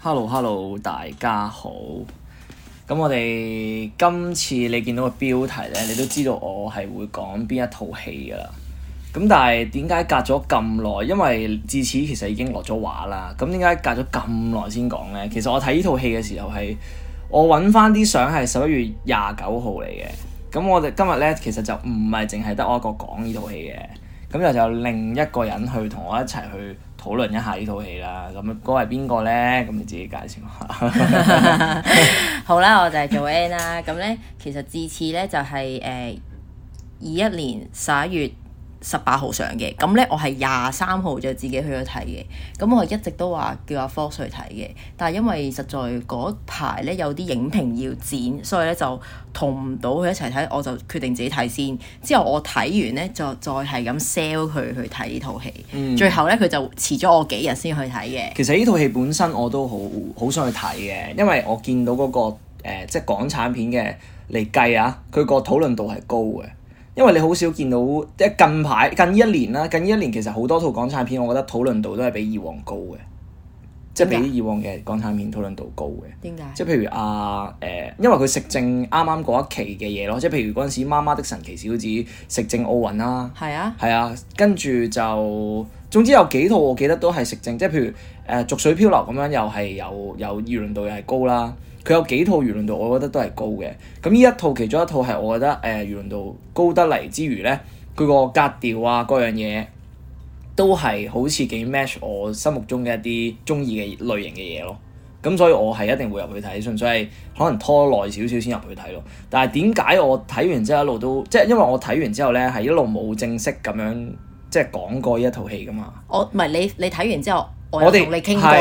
Hello Hello 大家好，咁我哋今次你見到個標題呢，你都知道我係會講邊一套戲噶啦。咁但係點解隔咗咁耐？因為智齒其實已經落咗畫啦。咁點解隔咗咁耐先講呢？其實我睇呢套戲嘅時候係我揾翻啲相係十一月廿九號嚟嘅。咁我哋今日呢，其實就唔係淨係得我一個講呢套戲嘅。咁又就另一個人去同我一齊去。討論一下呢套戲啦，咁位係邊個呢？咁你自己介紹下。 好啦，我就係做 N 啦。咁呢，其實智齒呢，就係誒二一年十一月。十八號上嘅，咁呢，我係廿三號就自己去咗睇嘅。咁我一直都話叫阿科去睇嘅，但係因為實在嗰排呢有啲影評要剪，所以呢就同唔到佢一齊睇，我就決定自己睇先。之後我睇完呢，就再係咁 sell 佢去睇呢套戲。嗯、最後呢，佢就遲咗我幾日先去睇嘅。其實呢套戲本身我都好好想去睇嘅，因為我見到嗰、嗰個、呃、即係港產片嘅嚟計啊，佢個討論度係高嘅。因為你好少見到，即係近排近一年啦，近一年其實好多套港產片，我覺得討論度都係比以往高嘅，是即係比以往嘅港產片討論度高嘅。點解何？即係譬如啊，誒、呃，因為佢食正啱啱嗰一期嘅嘢咯，即係譬如嗰陣時《媽媽的神奇小子》食正奧運啦，係啊，係啊，跟住就總之有幾套我記得都係食正，即係譬如誒《逐、呃、水漂流》咁樣，又係有有議論度又係高啦。佢有幾套娛樂度，我覺得都係高嘅。咁呢一套其中一套係我覺得誒娛樂度高得嚟之餘呢，佢個格調啊，各樣嘢都係好似幾 match 我心目中嘅一啲中意嘅類型嘅嘢咯。咁所以我係一定會入去睇，純粹係可能拖耐少少先入去睇咯。但係點解我睇完之後一路都即係因為我睇完之後呢，係一路冇正式咁樣即係講過一套戲㗎嘛？我唔係你你睇完之後，我同你傾過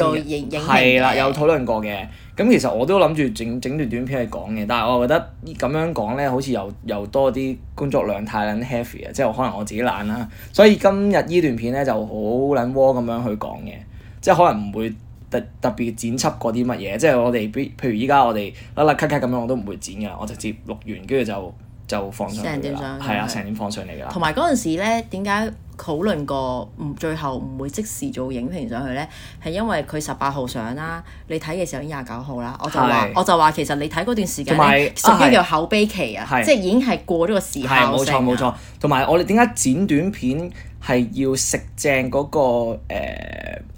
再影影評嘅。係啦，有討論過嘅。咁其實我都諗住整整段短片去講嘅，但係我覺得咁樣講咧，好似又又多啲工作量太撚 heavy 啊！即係可能我自己懶啦，所以今日依段片咧就好撚窩咁樣去講嘅，即係可能唔會特特別剪輯過啲乜嘢，即係我哋譬如依家我哋甩甩咳咳咁樣我都唔會剪噶，我直接錄完跟住就就放上嚟啦。係啊，成段放上嚟噶。同埋嗰陣時咧，點解？討論過唔最後唔會即時做影評上去呢，係因為佢十八號上啦，你睇嘅時候已經廿九號啦。我就話的我就話其實你睇嗰段時間，首先、就是啊這個、叫口碑期啊，的即係已經係過咗個時候、啊。冇錯冇錯。同埋我哋點解剪短片係要食正嗰、嗰個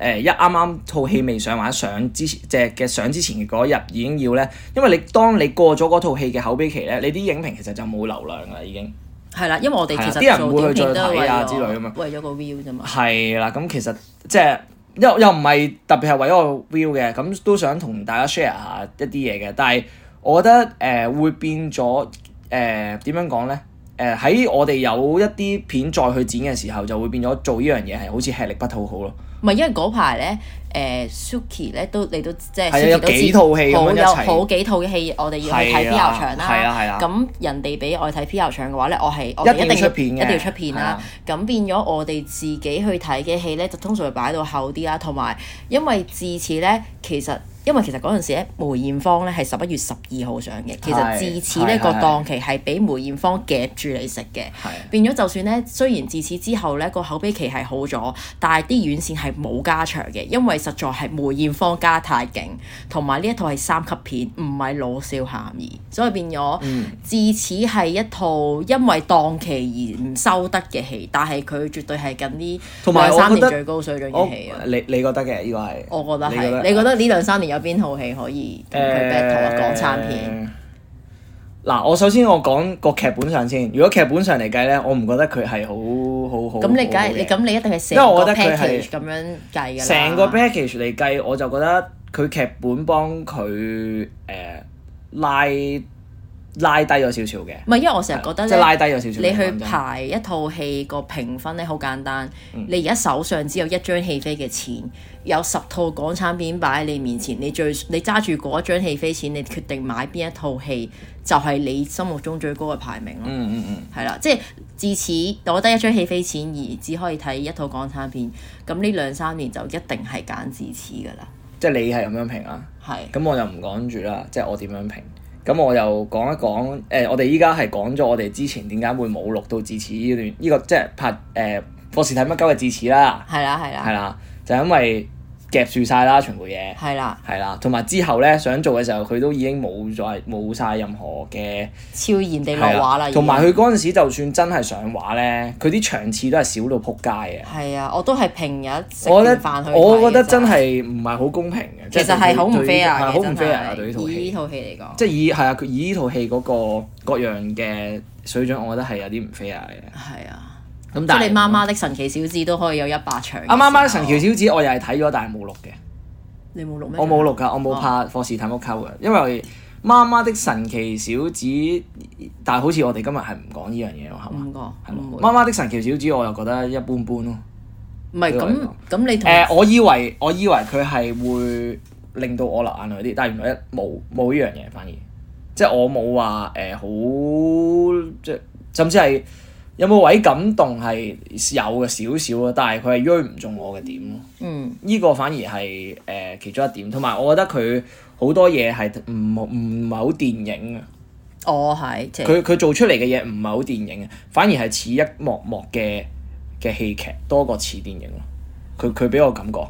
誒一啱啱套戲未上或者上之前即係嘅上之前嗰日已經要呢？因為你當你過咗嗰套戲嘅口碑期呢，你啲影評其實就冇流量啦已經。係啦， 因為我哋其實啲人會去再睇啊之類啊嘛，為咗個 view 啫嘛。係啦，咁其實即係又又唔係特別係為咗個 view 嘅，咁都想同大家 share 下一啲嘢嘅。但係我覺得誒、呃、會變咗誒點樣講咧？誒、呃、喺我哋有一啲片再去剪嘅時候，就會變咗做呢樣嘢係好似吃力不討好咯。唔係，因為嗰排咧，誒、呃、Suki 咧都你都，你都即係套到好有好幾套嘅戲，我哋要去睇 P.R. 場啦。係啊係啊，咁、啊啊、人哋俾我睇 P.R. 場嘅話咧，我係我一定出片，一定要出片啦。咁是、啊、變咗我哋自己去睇嘅戲咧，就通常擺到後啲啦，同埋因為自此咧，其實。因為其實嗰陣時咧，梅艷芳咧係十一月十二號上嘅。其實智齒呢個檔期係俾梅艷芳夾住你食嘅，是是是是變咗就算咧。雖然智齒之後咧，個口碑期係好咗，但係啲院線係冇加長嘅，因為實在係梅艷芳加太勁，同埋呢一套係三級片，唔係老少咸宜，所以變咗智、嗯、齒係一套因為檔期而唔收得嘅戲。但係佢絕對係近啲同埋三年最高水準嘅戲啊！你你覺得嘅呢個係？我覺得係。你覺得呢兩三年有？ 邊套戲可以同佢 battle 啊、呃？港產片嗱，我首先我講個劇本上先。如果劇本上嚟計咧，我唔覺得佢係好好，好好好。咁你梗係，你咁你一定係成個 package，因為我覺得佢係咁樣計噶啦。成個 package 嚟計，我就覺得佢劇本幫佢誒拉。拉低咗少少嘅，唔係因為我成日覺得即係、就是、拉低咗少少。你去排一套戲個評分咧，好簡單。嗯、你而家手上只有一張戲飛嘅錢，有十套港產片擺喺你面前，你最你揸住嗰一張戲飛錢，你決定買邊一套戲，就係、是、你心目中最高嘅排名咯。嗯嗯嗯，係啦，即係自此攞得一張戲飛錢而只可以睇一套港產片，咁呢兩三年就一定係揀智齒㗎啦。即係你係咁樣評啊？係是。咁我就唔講住啦，即係我點樣評？咁我又講一講，誒、呃，我哋而家係講咗我哋之前點解會冇錄到智齒呢段呢、這個，即係拍誒《博、呃、士睇乜鳩》嘅智齒啦，係啦係啦，係啦、啊啊，就因為。夾住晒啦全部嘢，係啦，係啦，同埋之後咧想做嘅時候，佢都已經冇再冇曬任何嘅超然地落畫啦。同埋佢嗰陣時就算真係上畫咧，佢啲場次都係少到撲街嘅。係啊，我都係平日食飯去睇。我覺得真係唔係好公平嘅。其實係好唔 fair 嘅，真係以呢套戲嚟講，即係以係啊，佢以呢套戲嗰個各樣嘅水準，我覺得係有啲唔 fair 嘅。係啊。咁但你媽媽的神奇小子都可以有一百場。啊，媽媽的神奇小子我我，我又係睇咗，但係冇錄嘅。你冇錄咩？我冇錄㗎，我冇拍《霍士坦屋》溝嘅，因為媽媽的神奇小子，但係好似我哋今日係唔講呢樣嘢咯，係嘛、嗯？冇講吧。媽媽的神奇小子，我又覺得一般般咯。唔係咁咁，你誒、呃？我以為我以為佢係會令到我流眼淚啲，但係原來一冇冇呢樣嘢反而，即係我冇話誒好，即係甚至係。有冇位感動係有嘅少少咯，但係佢係追唔中我嘅點咯。嗯，呢個反而係誒、呃、其中一點，同埋我覺得佢好多嘢係唔唔唔係好電影啊。哦，係，即佢佢做出嚟嘅嘢唔係好電影啊，反而係似一幕幕嘅嘅戲劇多過似電影咯。佢佢俾我感覺。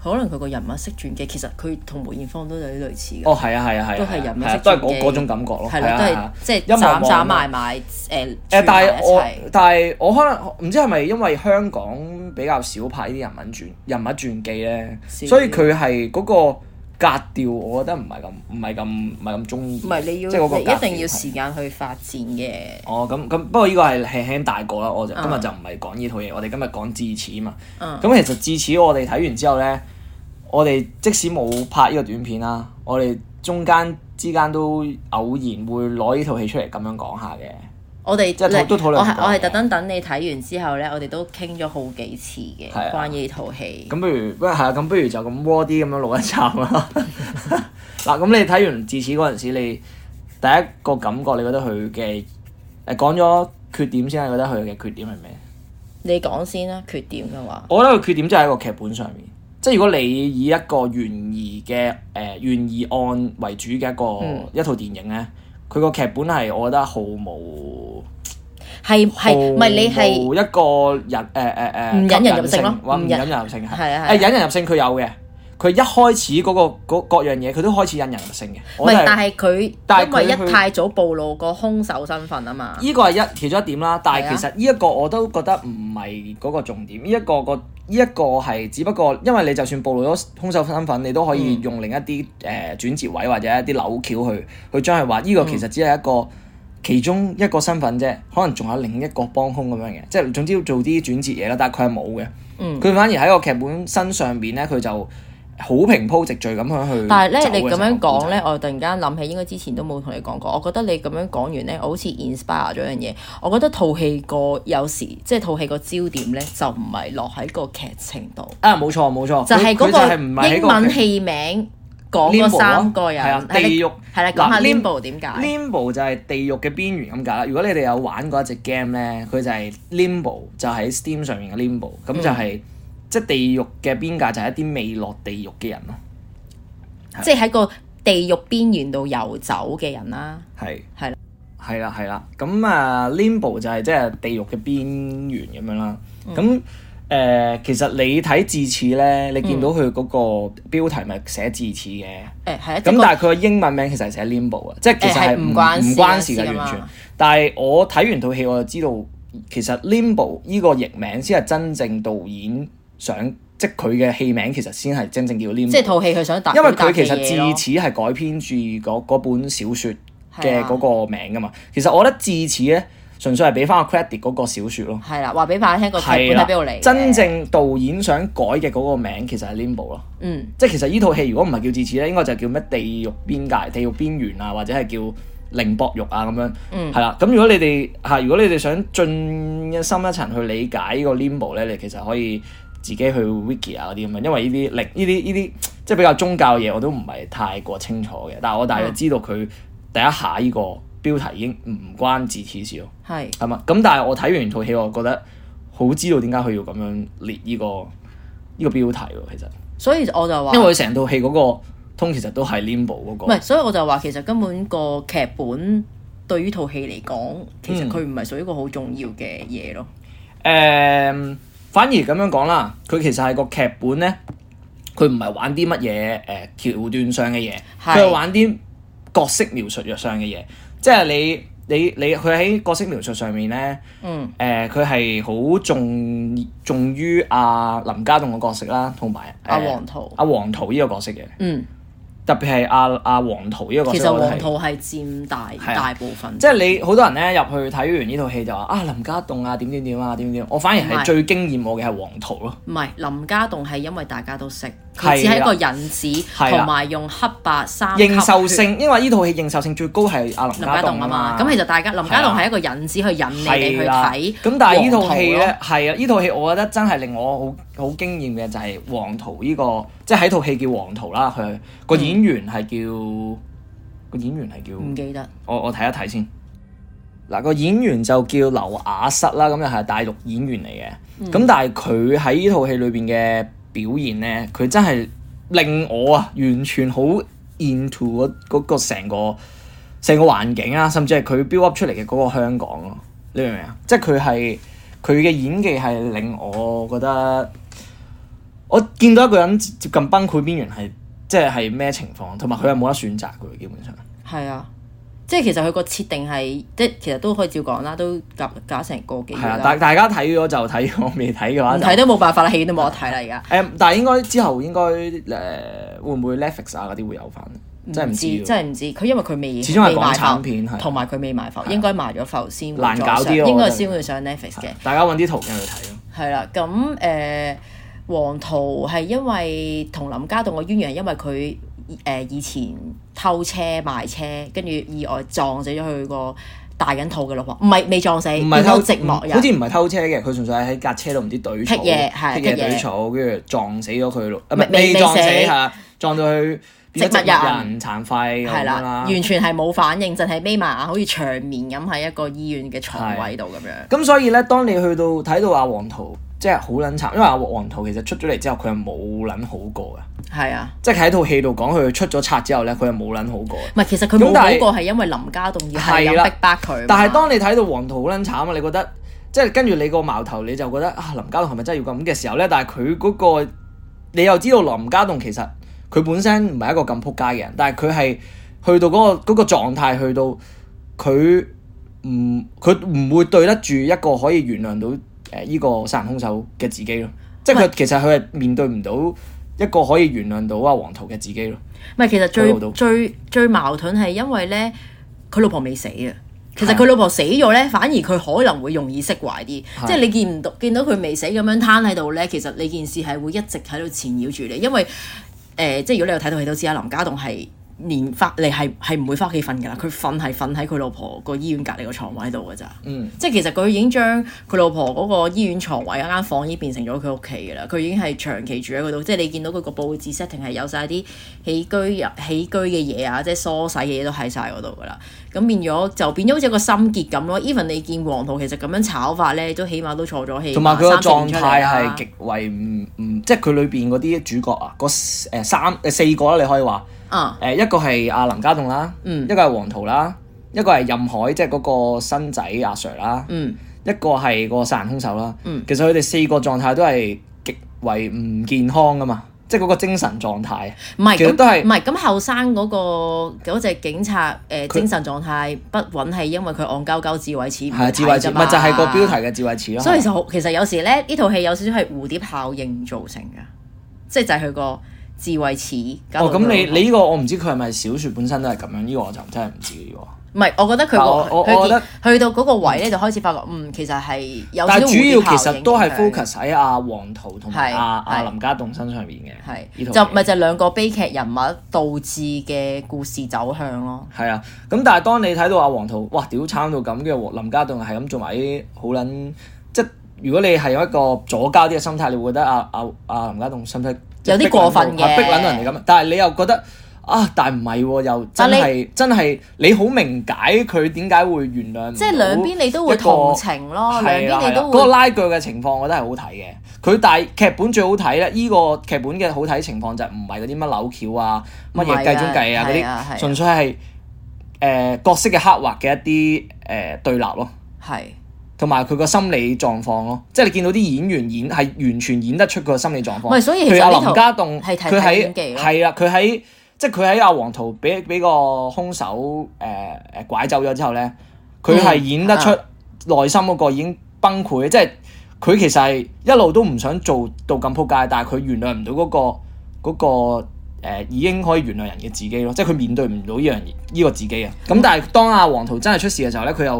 可能佢個人物識傳記，其實佢同梅艷芳都有啲類似嘅。哦，係啊，係啊，係、啊啊，都係人物識都係嗰種感覺咯。係啦、啊，啊、都係即係一斬斬埋埋誒誒、呃呃，但係我但係我可能唔知係咪因為香港比較少拍呢啲人物傳人物傳記咧，的所以佢係嗰個格調，我覺得唔係咁，唔係咁，唔係咁中意。唔係你要，即你一定要時間去發展嘅。的哦，咁咁，不過呢個係輕輕大個啦。我就、uh. 今日就唔係講呢套嘢，我哋今日講智齒嘛。咁、uh. 其實智齒，我哋睇完之後咧，我哋即使冇拍呢個短片啦，我哋中間之間都偶然會攞呢套戲出嚟咁樣講下嘅。我哋即係是你都討論過，我係我係特登等你睇完之後咧，我哋都傾咗好幾次嘅的關於套戲。咁不如，不如啊，咁不如就咁窩啲咁樣錄一集啦。嗱，咁你睇完智齒嗰陣時，你第一個感覺，你覺得佢嘅誒講咗缺點先，係覺得佢嘅缺點係咩？你講先啦，缺點嘅話。我覺得佢缺點就喺個劇本上面，即係如果你以一個懸疑嘅誒、呃、懸疑案為主嘅一個、嗯、一套電影咧。佢個劇本係我覺得毫冇係係唔係你係一個人，誒誒誒唔引人入勝咯，唔引，引人入勝係啊誒、啊啊、引人入勝佢有嘅，佢一開始嗰個各樣嘢佢都開始引人入勝嘅。啊、但係佢，但係佢他一太早暴露個兇手身份啊嘛。呢個係一其中一點啦，但係其實呢一個我都覺得唔係嗰個重點，依、這個、一個一個。呢一個係只不過，因為你就算暴露咗兇手身份，你都可以用另一啲誒、嗯呃、轉折位或者一啲扭橋去，去將係話呢個其實只係一個、嗯、其中一個身份啫，可能仲有另一個幫兇咁樣嘅，即係總之做啲轉折嘢啦。但係佢係冇嘅，佢、嗯、反而喺個劇本身上面咧，佢就，好平鋪直敍咁樣去，但係咧，你咁樣講咧，我突然間諗起應該之前都冇同你講過。我覺得你咁樣講完咧，我好似 inspire 咗樣嘢。我覺得套戲個有時即係套戲個焦點咧，就唔係落喺個劇情度。啊，冇錯冇錯，錯就係嗰個英文戲名講嗰三個人，係啊地獄係啦。講下 Limbo 點解 Limbo 就係地獄嘅邊緣咁解。如果你哋有玩過一隻 game 咧，佢就係 Limbo，就喺 Steam 上面嘅 Limbo，咁、嗯、就係、是。即係地獄嘅邊界，就係一啲未落地獄嘅人咯。即係喺個地獄邊緣度遊走嘅人啦。係係係啦係啦。咁啊，Limbo 就係即係地獄嘅邊緣咁樣啦。咁誒、嗯呃，其實你睇智齒咧，你見到佢嗰個標題咪寫智齒嘅，誒，係。咁、嗯嗯嗯欸、但係佢個英文名其實係寫 Limbo 嘅，即係、欸、其實係唔關唔關事嘅完全。啊、但係我睇完套戲，我就知道其實 Limbo 呢個譯名先係真正導演。想即佢嘅戲名，其實先係真正叫 Limbo。即套戲佢想打。因為佢其實智齒係改編住嗰本小説嘅嗰個名㗎嘛。是啊、其實我覺得智齒咧，純粹係俾翻個 credit 嗰個小説咯。係啦、啊，話俾大家聽個劇本喺邊度嚟。真正導演想改嘅嗰個名，其實係 Limbo 咯。嗯，即係其實呢套戲如果唔係叫智齒咧，應該就叫咩？地獄邊界、地獄邊緣啊，或者係叫靈薄獄啊咁樣。嗯、啊，係啦。咁如果你哋嚇，如果你哋想進一深一層去理解呢個 Limbo 咧，你其實可以。自己去 Wiki 啊嗰啲咁樣，因為呢啲歷呢啲呢啲即係比較宗教嘢，我都唔係太過清楚嘅。但係我大約知道佢第一下呢個標題已經唔關智齒事咯。係係嘛？咁但係我睇完套戲，我覺得好知道點解佢要咁樣列呢個呢個標題喎。其實，所以我就話，因為成套戲嗰個通其實都係 Limbo 嗰個，唔係。所以我就話其實根本個劇本對於套戲嚟講，其實佢唔係屬於一個好重要嘅嘢咯。誒、嗯。嗯。反而咁樣講啦，佢其實係個劇本咧，佢唔係玩啲乜嘢誒橋段上嘅嘢，佢係是玩啲角色描述上嘅嘢。即係你你你，佢喺角色描述上面咧，嗯誒，佢係好重重於阿、啊、林家棟個角色啦，同埋阿王桃阿王桃呢個角色嘅，嗯。特別係阿阿黃桃呢個角色，其實黃桃係佔大的大部分，即。即係你好多人咧，入去睇完呢套戲就話啊林家棟啊點點點啊點點點啊，我反而係最驚豔我嘅係黃桃咯。唔係林家棟係因為大家都識。只係一個引子，同埋用黑白三。認受性，因為呢套戲認受性最高係阿林家棟啊嘛。咁其實大家林家棟係一個引子，去引你哋去睇。咁但係呢套戲咧，係啊，呢套戲我覺得真係令我好好驚豔嘅就係《王桃》呢個，即係喺套戲叫《王桃》啦。佢個演員係叫個演員係叫唔記得。我我睇一睇先。嗱個演員就叫劉雅瑟啦，咁又係大陸演員嚟嘅。咁但係佢喺呢套戲裏邊嘅，表現呢，佢真係令我啊完全好 into 嗰嗰個成個成個環境啊，甚至係佢 build up 出嚟嘅嗰個香港咯，你明唔明啊？即係佢係佢嘅演技係令我覺得，我見到一個人接近崩潰邊緣係即係係咩情況，同埋佢係冇得選擇嘅，基本上係啊。即係其實佢個設定係，即係其實都可以照講啦，都夾夾成個幾個。係啊，大大家睇咗就睇，我未睇嘅話、就係。唔睇都冇辦法啦，戲院都冇得睇啦而家。但係應該之後應該誒、呃，會唔會 Netflix 啊嗰啲會有翻？真係唔知，知，真係唔知。佢因為佢未，始終係港產片，同埋佢未埋浮，應該埋咗浮先難搞啲，應該先會上 Netflix 嘅。大家揾啲圖片去睇。係啦，咁誒、呃，黃桃係因為同林家棟嘅淵源係因為佢。誒以前偷車賣車，跟住意外撞死咗佢個大緊肚嘅老婆，唔係未撞死，唔偷寂寞。好似唔係偷車嘅，佢純粹係喺架車度唔知對闙嘢，闙嘢對闙，跟住撞死咗佢咯。啊，未撞死嚇，撞到佢變咗植物人殘廢，係啦，完全係冇反應，就係眯埋眼，好似長眠咁喺一個醫院嘅床位度咁樣。咁所以咧，當你去到睇到阿王桃。即係好撚慘，因為阿王桃其實出咗嚟之後，佢係冇撚好過嘅。係啊，即係喺套戲度講佢出咗冊之後咧，佢係冇撚好過。唔係，其實佢冇好過係因為林家棟而係逼巴佢。但係當你睇到王桃好撚慘啊，你覺得即係跟住你個矛頭，你就覺得啊，林家棟係咪真係要咁嘅時候咧？但係佢嗰個你又知道林家棟其實佢本身唔係一個咁扑街嘅人，但係佢係去到嗰個嗰個狀態，去到佢唔佢唔會對得住一個可以原諒到。誒依、呃這個殺人兇手嘅自己咯，即係佢是其實佢係面對唔到一個可以原諒到阿黃圖嘅自己咯。唔係，其實最最最矛盾係因為咧，佢老婆未死啊。其實佢老婆死咗咧，的反而佢可能會容易釋懷啲。的即係你見唔到見到佢未死咁樣攤喺度咧，其實你件事係會一直喺度纏繞住你。因為誒、呃，即係如果你有睇到你都知啦，林家棟係。連翻嚟係係唔會翻屋企瞓㗎啦。佢瞓係瞓喺佢老婆個醫院隔離個床位度㗎咋，嗯，即係其實佢已經將佢老婆嗰個醫院床位嗰間房已經變成咗佢屋企㗎啦。佢已經係長期住喺嗰度，即係你見到佢個佈置 setting 係有晒啲起居起居嘅嘢啊，即係梳洗嘅嘢都喺晒嗰度㗎啦。咁變咗就變咗好似一個心結咁咯。Even 你見王桃其實咁樣炒法咧，都起碼都錯咗氣，同埋佢個狀態係極為唔唔，即係佢裏邊嗰啲主角啊，個三誒、呃、四個啦，你可以話。啊！誒、uh, 一個係阿林家棟啦，嗯、一個係黃圖啦，一個係任海即係嗰個新仔阿 sir 啦，嗯、一個係個殺人兇手啦。嗯、其實佢哋四個狀態都係極為唔健康噶嘛，即係嗰個精神狀態。唔係是，其實都係唔係咁後生嗰個嗰隻警察誒、呃、他精神狀態不穩，係因為佢戇鳩鳩智慧齒，唔係智慧齒，咪、啊、就係個標題嘅智慧齒咯。所以其實其實有時咧，呢套戲有少少係蝴蝶效應造成嘅，即係就係佢個。 智慧齒、哦。咁、嗯、的你你呢個我唔知佢係咪小說本身都係咁樣，呢、呢個我就真係唔知呢喎。唔係，我覺得佢我我覺得去到嗰個位咧，就開始發覺，嗯，其實係有。但主要其實都係 focus 喺阿王桃同埋阿阿林家棟身上邊嘅。係是。是就咪就係兩個悲劇人物導致嘅故事走向咯。係啊，咁但係當你睇到阿王桃，哇，屌慘到咁嘅，林家棟係咁做埋啲好撚，即係如果你係有一個左膠啲嘅心態，你會覺得阿阿阿林家棟使唔有啲過分嘅，逼撚到人哋咁，但係你又覺得啊，但係唔係喎，又真係真係你好明解佢點解會原諒，即係兩邊你都會同情咯，兩邊你都嗰個拉鋸嘅情況，我覺得係好睇嘅。佢但係劇本最好睇咧，呢個劇本嘅好睇情況就唔係嗰啲乜扭橋啊，乜嘢計中計啊嗰啲，純粹係誒角色嘅刻畫嘅一啲誒對立咯，係。同埋佢個心理狀況咯，即係你見到啲演員演係完全演得出佢個心理狀況。所以其實林家棟佢喺係啊，佢喺即係佢喺阿王桃俾俾個兇手誒誒、呃、拐走咗之後咧，佢係演得出內心嗰個已經崩潰、嗯啊、即係佢其實係一路都唔想做到咁撲街，但係佢原諒唔到嗰個嗰、嗰個呃、已經可以原諒人嘅自己咯，即係佢面對唔到呢樣呢個自己啊。咁、嗯嗯、但係當阿王桃真係出事嘅時候咧，佢又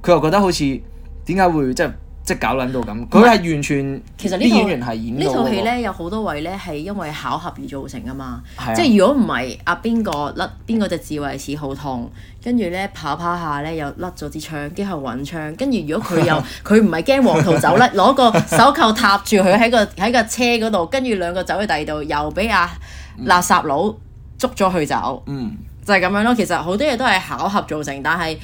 佢又，又覺得好似。點解會即係即係搞撚到咁？佢係是完全，其實戲呢啲演員係演到呢套戲咧，有好多位咧係因為巧合而造成噶嘛。是啊、即係如果唔係阿邊個甩邊個隻智慧齒好痛，跟住咧跑跑下咧又甩咗支槍，跟住搵槍。跟住如果佢又佢唔係驚王桃走甩，攞 個手扣踏住佢喺個喺個車嗰度，跟住兩個走去第二度，又俾阿垃圾佬捉咗佢走。嗯，就係咁樣咯。其實好多嘢都係巧合造成，但係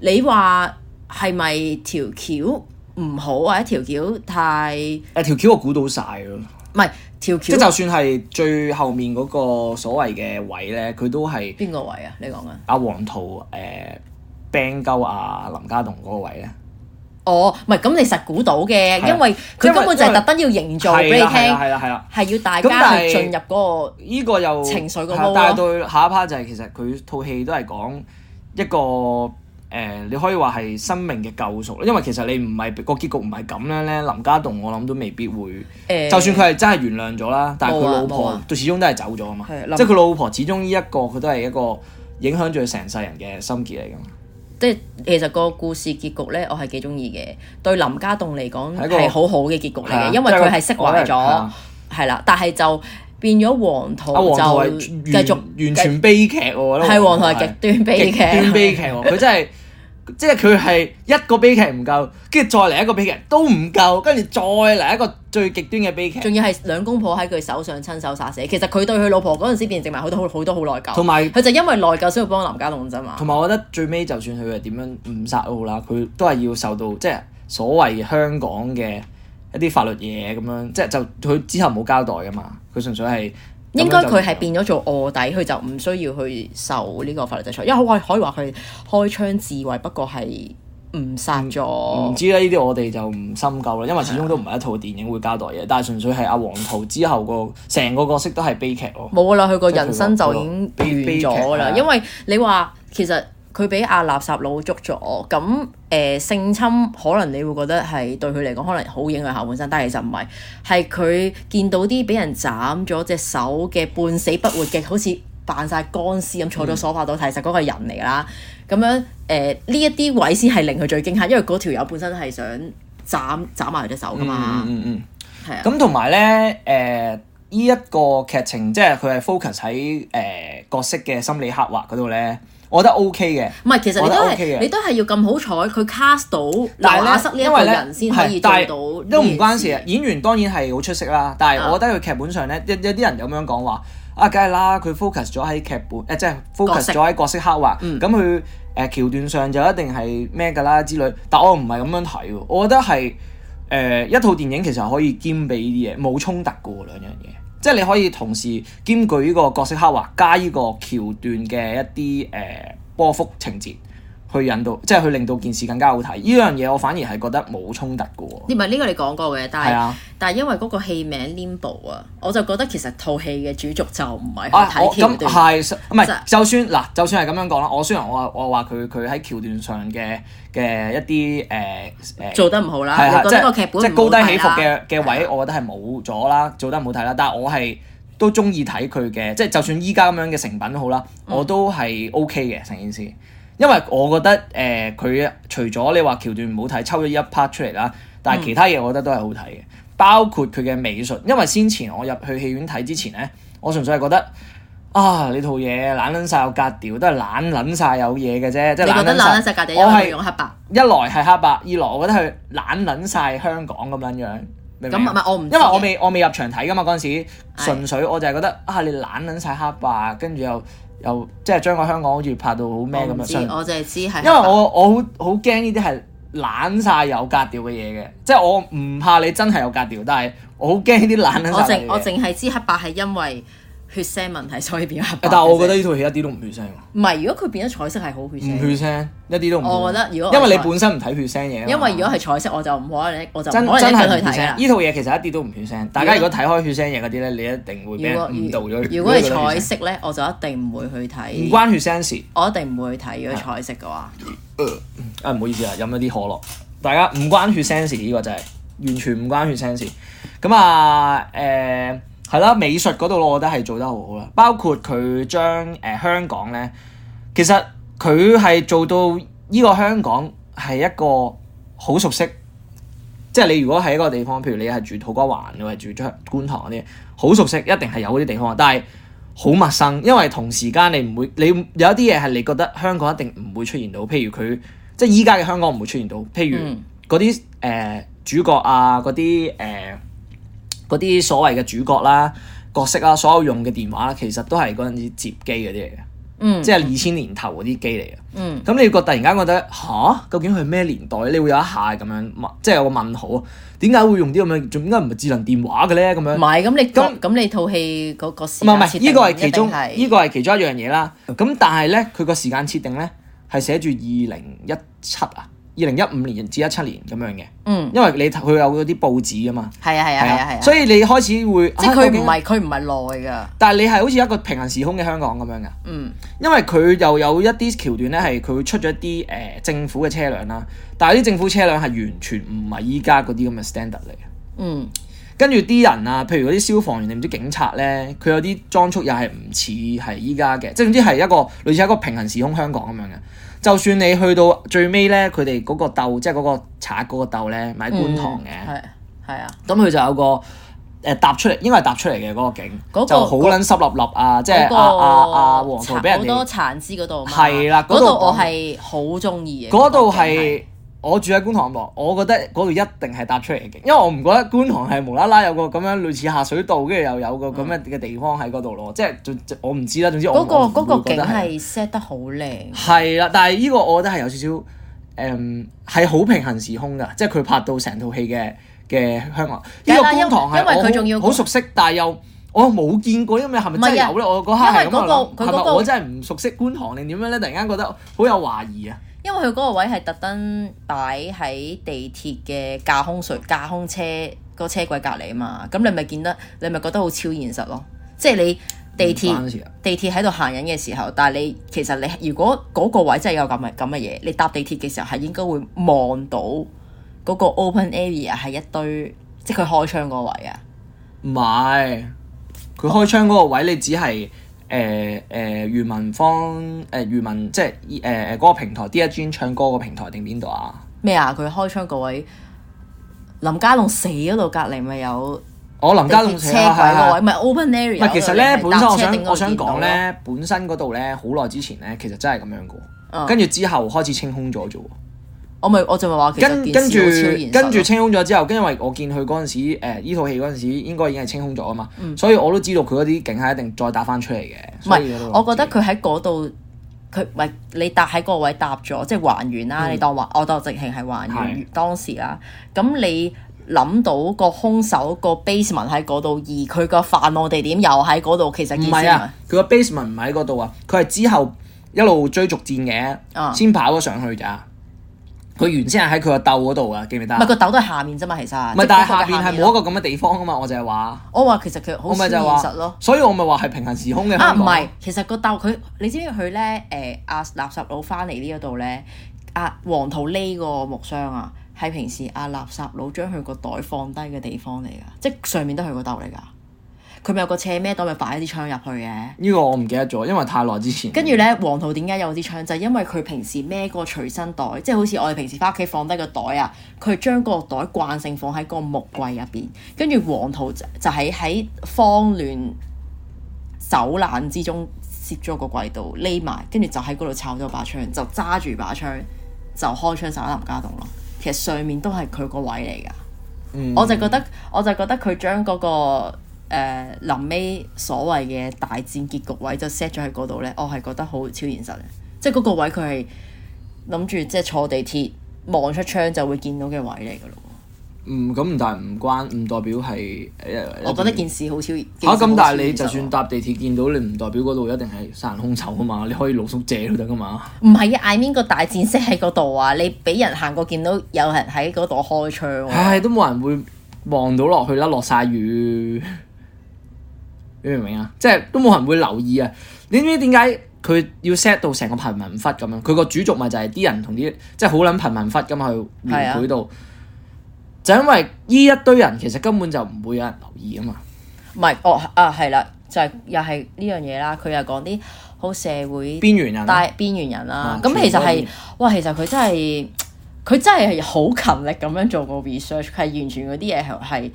你話。係咪條橋唔好，或者條橋太？誒條橋我估到晒咯，唔係條橋。即就算係最後面嗰個所謂嘅位咧，佢都係邊個位啊？你講啊？阿黃圖誒，冰勾啊，林家棟嗰個位咧。哦，唔係咁你實估到嘅，因為佢根本就係特登要營造俾你聽，係啦係啦係要大家去進入嗰個呢個又情緒嘅。但係到下一 part 就係、是、其實佢套戲都係講一個。誒，你可以話係生命嘅救贖，因為其實你唔係個結局唔係咁樣咧。林家棟我諗都未必會，就算佢係真係原諒咗啦，但係佢老婆都始終都係走咗啊嘛，即係佢老婆始終呢一個佢都係一個影響住佢成世人嘅心結嚟噶。即係其實個故事結局咧，我係幾中意嘅。對林家棟嚟講係好好嘅結局嚟嘅，因為佢係釋懷咗，係啦。但係就變咗王桃，就繼續完全悲劇，係王桃極端悲劇，極端悲劇，佢真係。即係佢係一個悲劇唔夠，跟住再嚟一個悲劇都唔夠，跟住再嚟一個最極端嘅悲劇。仲要係兩公婆喺佢手上親手殺死，其實佢對佢老婆嗰陣時，變成埋好多好多好多內疚。同埋佢就因為內疚先去幫林家棟啫嘛。同埋我覺得最尾就算佢係點樣誤殺好都好啦，佢都係要受到即係所謂香港嘅一啲法律嘢咁樣，即係就佢之後冇交代噶嘛，佢純粹係、嗯。應該佢係變咗做臥底，佢就唔需要去受呢個法律制裁，因為可以話佢開槍自衞，不過係誤殺咗。唔知咧，呢啲我哋就唔深究啦，因為始終都唔係一套電影會交代嘅，但係純粹係阿王桃之後個成個角色都係悲劇咯。冇啦，佢個人生就已經完咗啦，啊、因為你話其實。佢俾阿垃圾佬捉咗，咁誒、呃、性侵可能你會覺得係對佢嚟講可能好影響下半身，但係其實唔係，係佢見到啲俾人斬咗隻手嘅半死不活嘅，嗯、好似扮晒乾屍咁坐咗鎖法度，睇實嗰個人嚟㗎啦。咁樣誒呢一啲位先係令佢最驚嚇，因為嗰條友本身係想斬斬埋隻手㗎嘛。嗯嗯嗯，啊、嗯。咁同埋咧誒，呢、嗯是呃、一個劇情即係佢係 focus 喺誒角、呃、色嘅心理刻畫嗰度咧。我覺得 OK 嘅，唔係其實都係你都係、OK、要咁好彩，佢 cast 到劉雅瑟呢一個人先可以做到。都唔關事嘅，演員當然係好出色啦。但係我覺得佢劇本上咧，一、嗯、有啲人咁樣講話，啊，梗係啦，佢 focus 咗喺劇本，誒、啊，即、就、係、是、focus 咗喺角色刻畫。咁佢誒橋段上就一定係咩㗎啦之類。但我唔係咁樣睇喎，我覺得係誒、呃、一套電影其實可以兼備啲嘢，冇衝突過兩樣嘢。即係你可以同時兼具呢個角色刻畫，加呢個橋段嘅一啲誒、呃、波幅情節。去引導，即係去令到件事更加好睇。呢樣嘢我反而係覺得冇衝突嘅喎。唔係呢個你講過嘅，但係是、啊、但係因為嗰個戲名《Limbo》啊，我就覺得其實套戲嘅主軸就唔係睇橋段我咁係唔係就算嗱，就算係咁樣講啦。我雖然我我話佢佢喺橋段上嘅嘅一啲誒誒做得唔好啦，啊、覺得個劇本即高低起伏嘅嘅位，我覺得係冇咗啦，做得唔好睇啦。但係我係都中意睇佢嘅，即係就算依家咁樣嘅成品都好啦，我都係 OK 嘅成件事、嗯。因為我覺得誒佢、呃、除咗你話橋段唔好睇，抽咗一 part 出嚟啦，但係其他嘢我覺得都係好睇嘅，嗯、包括佢嘅美術。因為先前我入去戲院睇之前咧，我純粹係覺得啊，你套嘢懶撚晒有格調，都係懶撚晒有嘢嘅啫。即係懶撚晒，我係一來係黑白，二來我覺得佢懶撚晒香港咁樣樣。咁唔係我唔因為我未我未入場睇㗎嘛嗰陣時，純粹我就係覺得是的 啊，你懶撚晒黑白，跟住又。又即係將個香港好似拍到好咩咁樣，我淨係知係因為我我好好驚呢啲係懶晒有格調嘅嘢嘅，即係我唔怕你真係有格調，但係我好驚呢啲懶，我淨我淨係知黑白係因為。血腥問題，所以變黑白。但係我覺得呢套戲一啲都唔血腥。唔係，如果佢變咗彩色係好血腥。唔血腥，一啲都唔。我覺得，如果因為你本身唔睇血腥嘢。因為如果係彩色，我就唔可能，我就可能一真去睇。呢套嘢其實一啲都唔血腥。果大家如果睇開血腥嘢嗰啲咧，你一定會俾人誤導咗。如果係彩色咧，我就一定唔會去睇。唔關血腥事，我一定唔會去睇。如果彩色嘅話。誒、呃、唔好意思啊，飲咗啲可樂。大家唔關血腥事，呢、呢個就係、係、完全唔關血腥事。咁啊誒。呃呃係啦，美術嗰度我覺得係做得好好啦。包括佢將誒香港咧，其實佢係做到依個香港係一個好熟悉，即係你如果喺一個地方，譬如你係住土瓜灣或者住將觀塘嗰啲，好熟悉，一定係有嗰啲地方，但係好陌生，因為同時間你唔會，你有一啲嘢係你覺得香港一定唔會出現到，譬如佢即係依家嘅香港唔會出現到，譬如嗰啲誒主角啊，嗰啲誒。呃嗰啲所謂嘅主角啦、角色啦，所有用嘅電話啦，其實都係嗰陣時接機嗰啲嚟嘅，嗯，即係二千年頭嗰啲機嚟嘅，嗯。咁你覺突然間覺得吓？究竟係咩年代？你會有一下咁樣問，即係有個問號啊，點解會用啲咁樣？仲點解唔係智能電話嘅咧？咁樣唔係咁，你咁咁那那你套戲嗰個時間唔係唔係？依、呢個係其中呢個係其中一樣嘢啦。咁但係咧，佢個時間設定咧係寫住二零一七啊。二零一五年至一七年咁樣嘅，嗯，因為你佢有嗰啲報紙啊嘛，係啊係啊係啊，所以你開始會即係佢唔係佢唔係耐噶，啊、但係你係好似一個平行時空嘅香港咁樣噶，嗯，因為佢又有一啲橋段咧，係佢出咗啲誒政府嘅車輛啦，但係啲政府車輛係完全唔係依家嗰啲咁嘅 standard 嚟嘅，嗯，跟住啲人啊，譬如嗰啲消防員定唔知警察咧，佢有啲裝束又係唔似係依家嘅，即係總之係一個類似一個平行時空香港咁樣嘅。就算你去到最尾咧，佢哋嗰個竇，即係嗰個茶嗰個竇咧，買觀塘嘅，係係、嗯、啊，咁佢就有個誒搭、呃、出嚟，應該係搭出嚟嘅嗰個景，那個、就好撚濕立立、那個、啊，即係阿阿阿黃桃畀人好多殘屍嗰度，係啦，嗰度我係好中意嘅，嗰度係。我住喺觀塘噃，我覺得嗰度一定係搭出嚟嘅，因為我唔覺得觀塘係無啦啦有個咁樣類似下水道，跟住又有個咁樣嘅地方喺嗰度咯。嗯、即係總我唔知啦。總之我嗰、嗰個嗰個景係 set 得好靚。係啦，但係呢個我覺得係有少少誒，係、嗯、好平行時空噶，即係佢拍到成套戲嘅嘅香港。依了個觀塘係我仲要好熟悉，但係又我冇見過因為係係呢、啊、樣嘢，係咪真係有咧？我嗰刻係咁諗，係咪我真係唔熟悉觀塘定點樣咧？突然間覺得好有懷疑啊！因為佢嗰個位係特登擺喺地鐵嘅架空隧架空車個車軌隔離啊嘛，咁你咪見得，你咪覺得好超現實咯。即係你地鐵、嗯、地鐵喺度行緊嘅時候，但係你其實你如果嗰個位真係有咁嘅咁嘅嘢，你搭地鐵嘅時候係應該會望到嗰個 open area 係一堆，即係佢開窗嗰個位啊。唔係，佢開窗嗰個位你只係。Oh. 誒誒，余文芳誒余文，即係誒誒嗰個平台，Dear Jane 唱歌個平台定邊度啊？咩啊？佢開窗嗰位林家棟死嗰度隔離咪有？哦，林家棟死係咪 open area？唔係，其實咧，本身我想我想講咧，呢本身嗰度咧，好耐之前咧，其實真係咁樣個，嗯、跟住之後開始清空咗啫喎。我咪我就咪話，跟跟住跟住清空咗之後，因為我見佢嗰陣時，呢套戲嗰陣時應該已經係清空咗啊嘛，嗯、所以我都知道佢嗰啲景係一定再搭翻出嚟嘅。唔係、嗯，我，我覺得佢喺嗰度，佢唔你搭喺個位搭咗，即係還原啦、啊。嗯、你當話我當直情係還原的當時啦、啊。咁你諗到個兇手個 basement 喺嗰度，而佢個犯案地點又喺嗰度，其實唔係啊。佢個 basement 唔喺嗰度啊，佢係之後一路追逐戰嘅，嗯、先跑咗上去咋。佢原先係喺佢個竇嗰度啊，記唔記得？唔係個竇都係下面啫嘛，其實係。唔係，但係下邊係冇一個咁嘅地方啊嘛，我就係話。我話其實佢好。我咪就話。實咯。所以我咪話係平行時空嘅、啊呃。啊，唔係，其實個竇佢，你知唔知佢咧？誒，阿垃圾佬翻嚟呢一度咧，阿、啊、黃桃呢個木箱啊，係平時阿、啊、垃圾佬將佢個袋放低嘅地方嚟噶，即係上面都係個竇嚟㗎。佢咪有個斜孭袋，咪擺啲槍入去嘅？呢個我唔記得咗，因為太耐之前。跟住咧，王桃點解有啲槍就係、是、因為佢平時孭個隨身袋，即、就、係、是、好似我哋平時返屋企放低個袋啊。佢將嗰個袋慣性放喺個木櫃入邊，跟住王桃就喺喺慌亂走難之中攝咗個櫃度匿埋，跟住就喺嗰度抄咗把槍，就揸住把槍就開槍,就開槍手。林家棟咯。其實上面都係佢個位嚟噶、嗯，我就覺得我就覺得佢將嗰個。誒臨尾所謂嘅大戰結局位就 set 咗喺嗰度咧，我係覺得好超現實嘅，即係嗰個位佢係諗住即係坐地鐵望出窗就會見到嘅位嚟嘅咯。嗯，咁但係唔關，唔代表係。哎、我覺得件事好超現實咁，但係你就算搭地鐵見到，你唔代表嗰度一定係殺人兇手啊嘛！你可以露宿者都得噶嘛？唔係啊，I mean 個大戰 set 喺嗰度啊，你俾人行過見到有人喺嗰度開窗、啊，係都冇人會望到落去啦，落晒雨。你明唔明啊？即係都冇人會留意啊！你知唔知點解佢要 set 到成個貧民窟咁樣？佢個主軸咪就係啲人同啲即係好撚貧民窟咁去聯配到，是啊、就因為呢一堆人其實根本就唔會有人留意啊嘛！唔係哦啊係啦、啊，就係、是、又係呢樣嘢啦。佢又講啲好社會邊緣人、但係邊緣人啦。咁其實係哇，其實佢真係佢真係好勤力咁樣做個 research，係完全嗰啲嘢係。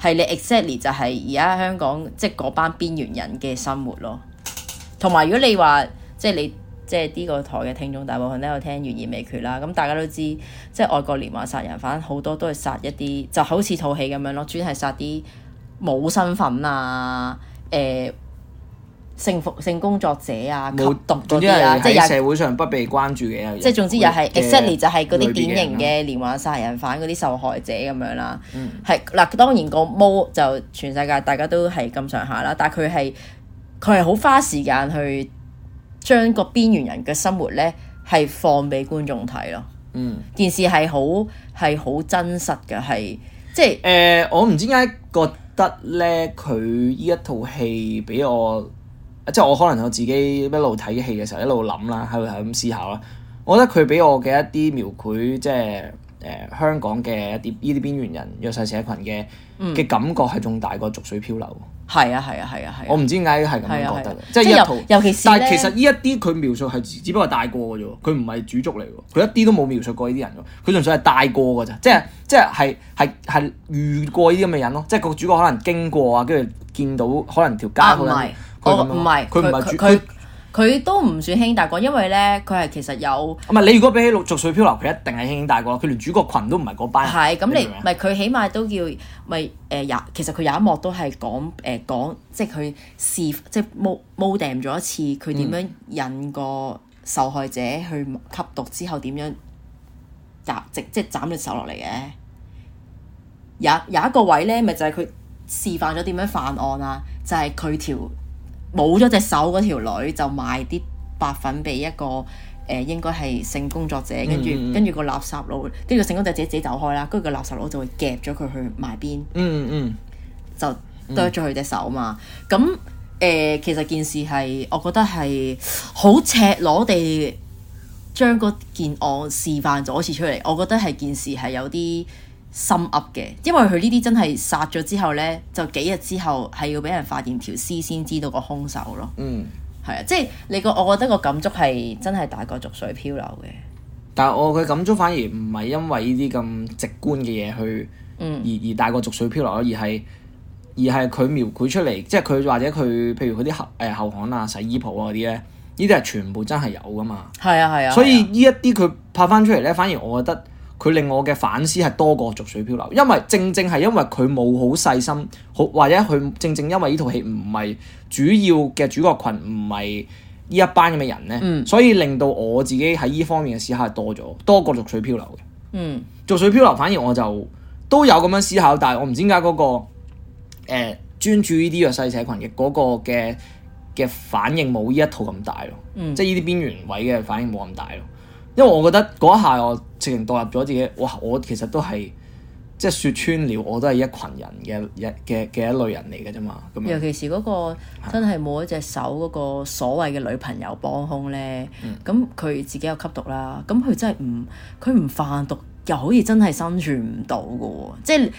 係你 exactly 就係而家香港即係嗰班邊緣人嘅生活咯，同埋如果你話即係你即係呢個台嘅聽眾大部分都有聽懸疑未決啦，咁、嗯、大家都知即係外國連環殺人犯，反正好多都係殺一啲就好似套戲咁樣咯，主要係殺啲冇身份啊，誒。呃性服性工作者啊，吸毒嗰啲啊，即係社會上不被關注嘅，即係是人總之又係 exactly 就係嗰啲典型嘅連環殺人犯嗰啲受害者咁樣啦、啊。係嗱、嗯，當然個魔就全世界大家都係咁上下啦，但係佢係佢係好花時間去將個邊緣人嘅生活咧係放俾觀眾睇咯。嗯，件事係好係好真實嘅，係即係誒、呃，我唔知點解覺得咧，佢依一套戲俾我。即係我可能我自己一路睇戲嘅時候一路諗啦，喺度係咁思考啦。我覺得佢俾我嘅一啲描繪，即係誒、呃、香港嘅一啲呢啲邊緣人、弱勢社群嘅嘅感覺係仲大過《濁水漂流》嗯。係啊，係啊，係啊，係。我唔知點解係咁樣覺得。即係一，尤其是。但係其實呢一啲佢描述係只不過大過嘅啫，佢唔係主軸嚟嘅，佢一啲都冇描述過呢啲人佢純粹係大過㗎咋。即係即係係係係遇過呢啲咁嘅人咯，即係個主角可能經過啊，跟住見到可能條街唔係佢唔係佢佢都唔算輕大過，因為咧佢係其實有。唔係你如果比起濁水漂流，佢一定係輕輕大過。佢連主角群都唔係嗰班。係咁，你唔係佢起碼都叫咪誒有。其實佢有一幕都係講誒講，即係佢示即係冒冒頂咗一次，佢點樣引個受害者去吸毒之後點樣即斬即即係斬隻手落嚟嘅。有有一個位咧，咪就係、是、佢示範咗點樣犯案啊！就係、是、佢條。冇咗隻手嗰條女就賣啲白粉俾一個誒、呃，應該係性工作者，跟住、mm hmm. 跟住個垃圾佬，跟住個性工作者自己，自己走開啦，跟住個垃圾佬就會夾咗佢去賣邊，嗯嗯、mm，hmm. mm hmm. 就剁咗佢隻手嘛。咁誒、呃，其實件事係我覺得係好赤裸地將嗰件案件示範咗一次出嚟，我覺得係件事係有啲。深噏嘅，因為佢呢啲真係殺咗之後呢，就幾日之後係要俾人發現條屍先知道個兇手咯。嗯，係啊，即係你個我覺得個感觸係真係大過濁水漂流嘅。但係我嘅感觸反而唔係因為呢啲咁直觀嘅嘢去，而而大過濁水漂流、嗯、而係而係佢描繪出嚟，即係佢或者佢譬如佢啲後誒、呃、後巷啊、洗衣鋪嗰啲呢，呢啲係全部真係有噶嘛。係啊係啊，所以呢一啲佢拍翻出嚟呢，反而我覺得。佢令我嘅反思係多過濁水漂流，因為正正係因為佢冇好細心，好或者佢正正因為呢套戲唔係主要嘅主角群，唔係呢一班咁嘅人咧，嗯、所以令到我自己喺呢方面嘅思考係多咗，多過濁水漂流嘅。嗯，濁水漂流反而我就都有咁樣思考，但係我唔知點解嗰個誒、呃、專注呢啲弱勢社群嘅嗰個嘅嘅反應冇呢一套咁大咯。嗯、即係呢啲邊緣位嘅反應冇咁大咯。因為我覺得嗰一下我直情代入咗自己，哇！我其實都係即係説穿了，我都係一群人嘅嘅嘅一類人嚟嘅啫嘛。尤其是嗰個真係冇一隻手嗰個所謂嘅女朋友幫兇咧，咁佢的自己有吸毒啦，咁佢真係唔佢唔販毒，又好似真係生存唔到嘅喎，即係。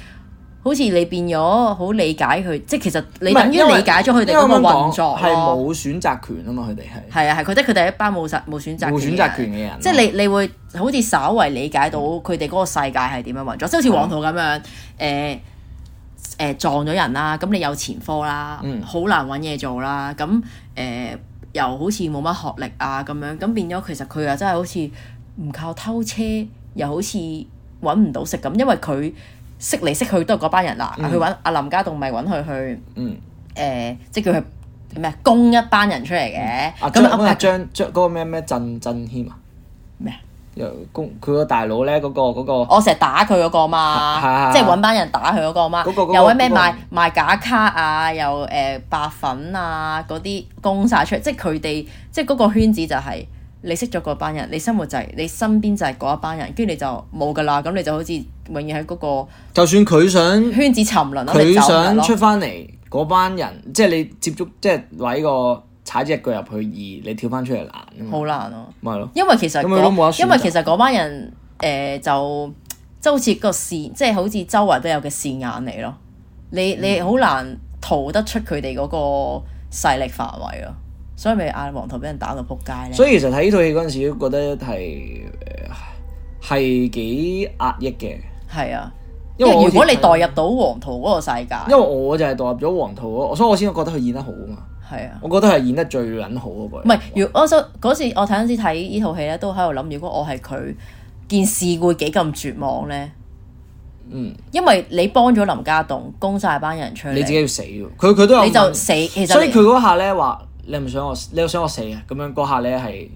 好似你變咗好理解佢，即係其實你等於理解咗佢哋個運作，係冇選擇權啊嘛！佢哋係係啊係，覺得佢哋一班冇選冇選擇，冇選擇權嘅人，即係你你會好似稍為理解到佢哋嗰個世界係點樣運作，即係好似王桃咁樣誒誒、呃呃呃、撞咗人啦，咁你有前科啦，好難揾嘢做啦，咁誒、呃、又好似冇乜學歷啊咁樣，咁變咗其實佢又真係好似唔靠偷車，又好似揾唔到食咁，因為佢。識嚟識去都係嗰班人啦。佢揾阿林家棟，咪揾佢去，誒，即叫佢咩，供一班人出嚟嘅。咁啊，阿張張嗰個咩咩，震震軒啊？咩啊？又供佢個大佬咧，嗰個嗰個我成日打佢嗰個嘛，即揾班人打佢嗰個嘛，又揾咩賣賣假卡啊，又誒白粉啊嗰啲供晒出嚟，即佢哋即嗰個圈子就係。你識咗嗰班人，你生活就係你身邊就係嗰一班人，跟住你就冇㗎喇。咁你就好似永遠喺嗰、那個，就算佢想圈子沉淪，佢想出翻嚟嗰班人，即係你接觸，即係話依個踩隻腳入去二，而你跳翻出嚟、嗯、難、啊，好難咯。咪咯，因為其實、那個、因為因為其實嗰班人誒、呃、就即好似個線，即、就、係、是、好似周圍都有嘅線眼嚟咯。你你好難逃得出佢哋嗰個勢力範圍咯。所以咪嗌黃桃俾人打到扑街咧。所以其實睇呢套戲嗰陣時都覺得係係幾壓抑嘅。係啊，因為如果你代入到黃桃嗰個世界。因為我就係代入咗黃桃，所以我先覺得佢演得好啊嘛。係啊，我覺得係演得最撚好啊部。唔係，如果、啊、時我嗰次我睇嗰次睇呢套戲咧，都喺度諗，如果我係佢，件事會幾咁絕望咧？嗯。因為你幫咗林家棟，攻晒班人出嚟，你自己要死喎。佢佢都有你就死，其實所以佢嗰下咧話。你唔想我死，你想我死啊！咁樣嗰下咧係，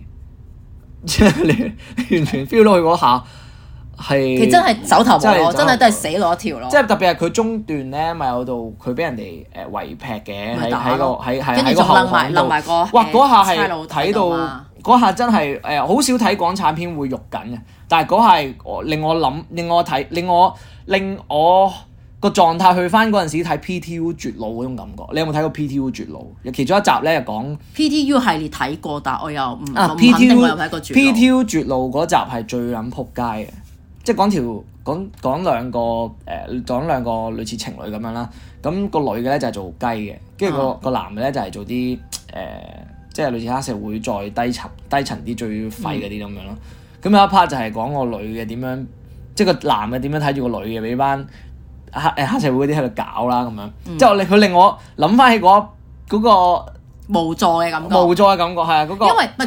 即係你完全 feel 到佢嗰下係。佢 真係走投無路，真係都係死咗一條咯。即係特別係佢中段咧，咪有度佢俾人哋誒圍劈嘅喺喺個喺喺然後 個後面度。哇！嗰下係睇到嗰下、嗯、真係誒，好、呃、少睇港產片會肉緊嘅，但係嗰下係令我諗，令我睇，令我令我。令我令我令我個狀態去翻嗰陣時睇 P.T.U 絕路嗰種感覺，你有冇睇過 P.T.U 絕路？其中一集呢，又講 P.T.U 系列睇過，但我又唔啊 P.T.U。P.T.U 絕路嗰集係最撚撲街嘅，即係講條講講兩個誒、呃、講兩個類似情侶咁樣啦。咁、個女嘅呢，就係、是、做雞嘅，跟住個個男嘅呢，就係、是、做啲誒、呃，即係類似黑社會再低層低層啲最廢嗰啲咁樣咯。咁、嗯、有一 part 就係講個女嘅點樣，即係個男嘅點樣睇住個女嘅俾班。黑誒社會啲喺度搞啦，咁樣，之後令佢令我諗翻起嗰嗰個,嗰個無助嘅感覺，無助嘅感覺係啊嗰個，因為你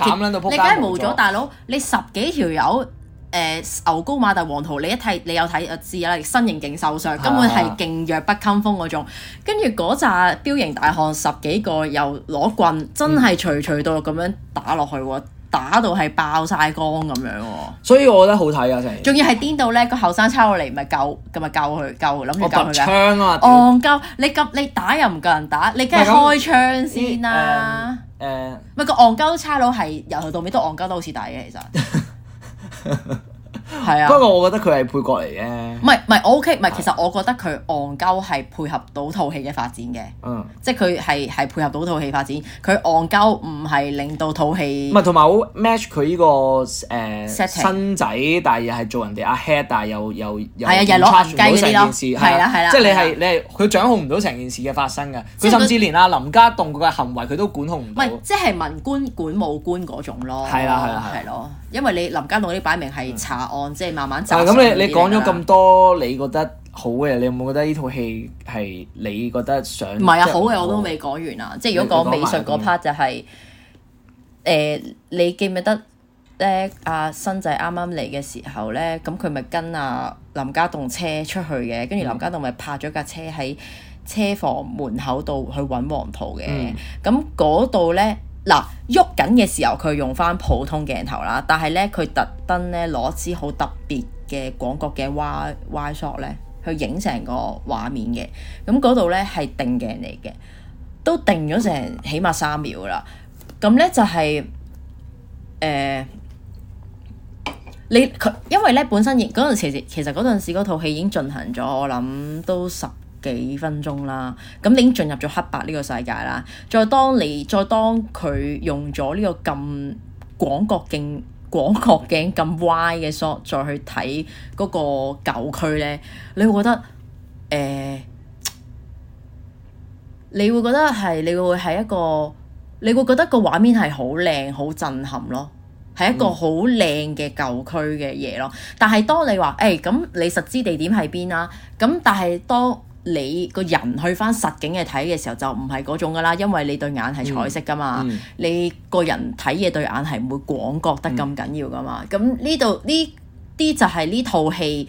梗係無咗大佬，你十幾條友誒牛高馬大黃圖，你一睇你有睇就知啦，身形勁瘦削，根本係勁弱不禁風嗰種，跟住嗰紮彪形大漢十幾個又攞棍，真係隨隨到咁樣打落去喎。嗯嗯打到係爆晒缸咁樣、哦，所以我覺得真好睇啊！成，仲要係邊到咧？個後生差佬嚟，咪救，咁咪救佢，救諗住救佢嘅。槍啊！戇鳩、嗯，你撳你打又唔夠人打，你梗係開槍先啦、啊。誒、嗯，唔、嗯、係、呃、個戇鳩差佬係由頭到尾都戇鳩，都好似大嘅，其實。係啊，不過我覺得佢係配角嚟嘅。唔係唔係，我 OK，唔係其實我覺得佢戇鳩係配合到套戲嘅發展嘅。嗯，即係佢係係配合到套戲發展，佢戇鳩唔係令到套戲。唔係，同埋好 match 佢呢個誒新仔，但係又係做人哋阿 head，但係又又又係啊，又攞銀雞啲咯。係啦係啦，即係你係你係佢掌控唔到成件事嘅發生嘅，佢甚至連阿林家棟佢嘅行為佢都管控唔到。唔係即係文官管武官嗰種咯。係啦係啦係咯，因為你林家棟呢擺明係查即係慢慢賺。咁、啊，你你講咗咁多，吧你覺得好嘅，你有冇覺得呢套戲係你覺得想？唔係啊，好嘅我都未講完啊。你即係如果講美術嗰 part 就係、是、誒、嗯呃，你記唔記得咧？阿、呃、新仔啱啱嚟嘅時候咧，咁佢咪跟阿林家棟車出去嘅，跟住林家棟咪泊咗架車喺車房門口度去揾黃圖嘅。咁嗰度咧。嗯嗱，喐緊嘅時候佢用翻普通鏡頭啦，但係咧佢特登咧攞支好特別嘅廣角嘅 wide wide shot 咧去影成個畫面嘅，咁嗰度咧係定鏡嚟嘅，都定咗成起碼三秒啦，咁咧就係、是、誒、呃、你佢，因為咧本身已嗰陣時其實嗰陣時嗰套戲已經進行咗，我諗都十。幾分鐘啦，咁你已經進入咗黑白呢個世界啦。再當你再當佢用咗呢個咁廣角鏡、廣角鏡咁 wide 嘅 shot 再去睇嗰個舊區呢，你會覺得誒、欸，你會覺得係你會係一個，你會覺得個畫面係好靚、好震撼咯，係一個好靚嘅舊區嘅嘢咯。但係當你話誒咁，欸、你實知地點喺邊啦？咁但係當你個人去翻實景嘅睇嘅時候，就唔係嗰種噶啦，因為你對眼係彩色噶嘛，嗯嗯、你個人睇嘢對眼係唔會廣覺得咁緊要噶嘛。咁呢度呢啲就係呢套戲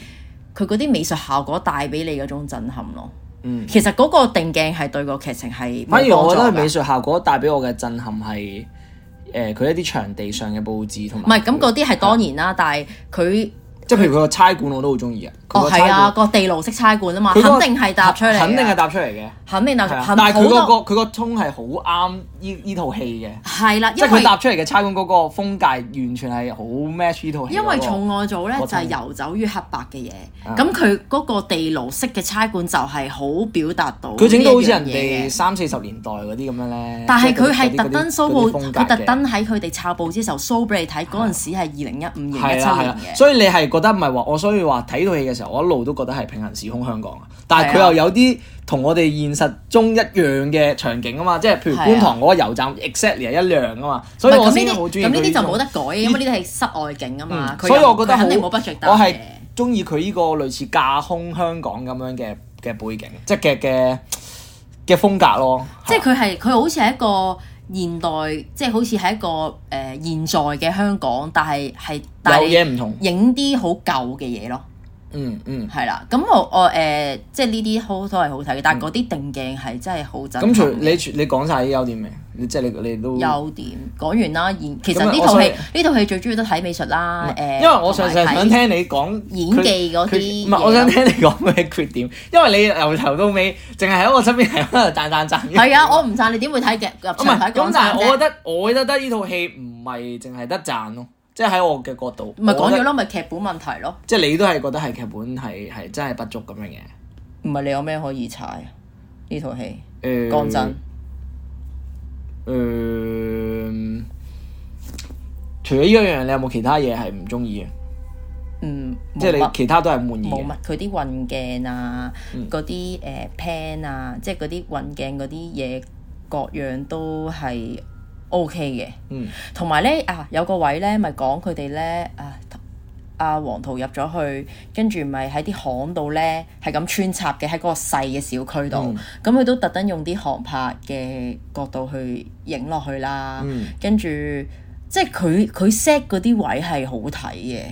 佢嗰啲美術效果帶俾你嗰種震撼咯。嗯，其實嗰個定鏡係對個劇情係反而我覺得美術效果帶俾我嘅震撼係誒佢一啲場地上嘅佈置同埋唔係咁嗰啲係當然啦，嗯、但係佢。即係譬如佢個差館我都好中意啊！哦，係啊，個地牢式差館啊嘛，肯定係搭出嚟，肯定係搭出嚟嘅，肯定啊，但係佢個個佢個 tone 係好啱呢呢套戲嘅，係啦，因為佢搭出嚟嘅差館嗰個風格完全係好 match 呢套戲。因為重案組咧就係游走於黑白嘅嘢，咁佢嗰個地牢式嘅差館就係好表達到。佢整到好似人哋三四十年代嗰啲咁樣咧。但係佢係特登 show 佢，特登喺佢哋抄簿之時候 show 俾你睇，嗰陣時係二零一五年一七年，所以你係覺得唔係話我，所以話睇到戲嘅時候，我一路都覺得係平行時空香港啊。但係佢又有啲同我哋現實中一樣嘅場景啊嘛，即係譬如觀塘嗰個油站 exactly 係一樣啊嘛。所以我先好中意咁，呢啲就冇得改，因為呢啲係室外景啊嘛。所以我覺得肯定好，我係中意佢呢個類似架空香港咁樣嘅嘅背景，嗯、即係嘅嘅嘅風格咯。即係佢係佢好似係一個。現代即係好似係一個誒、呃、現在嘅香港，但係係但係影啲好舊嘅嘢咯。嗯嗯，係啦，咁我我誒、呃，即係呢啲好都係好睇嘅，但係嗰啲定鏡係真係好真。咁、嗯嗯嗯、你，你，就是、你講晒啲優點未？即係你你都優點講完啦。其實呢套戲，呢套戲最鍾意都睇美術啦。誒，因為我上上、啊、想聽你講演技嗰啲。唔係，我想聽你講嘅缺點，因為你由頭到尾淨係喺我身邊係喺度讚讚讚，讚。係啊，我唔讚你點會睇劇入場睇？咁但係，我覺得我覺得得呢套戲唔係淨係得讚咯。即係喺我嘅角度，唔係講咗咯，咪劇本問題咯。即係你都係覺得係劇本係係真係不足咁樣嘅。唔係你有咩可以踩呢套戲？誒、呃，講真，誒、呃呃，除咗呢樣嘢，你有冇其他嘢係唔中意嘅？嗯，即係你其他都係滿意。冇乜，佢啲運鏡啊，嗰啲誒 pan 啊，即係嗰啲運鏡嗰啲嘢，各樣都係。O.K. 嘅，同埋咧啊，有個位咧，咪講佢哋咧啊，阿黃圖入咗去，跟住咪喺啲巷度咧，係咁穿插嘅喺嗰個細嘅小，小區度，咁佢、嗯、都特登用啲航拍嘅角度去影落去啦，跟住即係佢佢 set 嗰啲位係好睇嘅，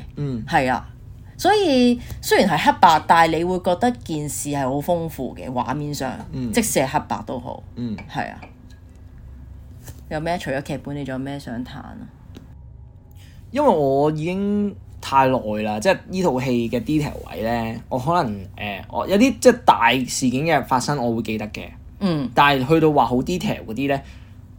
係啊、嗯，所以雖然係黑白，但係你會覺得件事係好豐富嘅畫面上，嗯、即使係黑白都好，係啊、嗯。有咩除咗劇本，你仲有咩想彈啊？因為我已經太耐啦，即係呢套戲嘅 detail 位咧，我可能誒、呃，我有啲即係大事件嘅發生，我會記得嘅。嗯，但係去到話好 detail 嗰啲咧，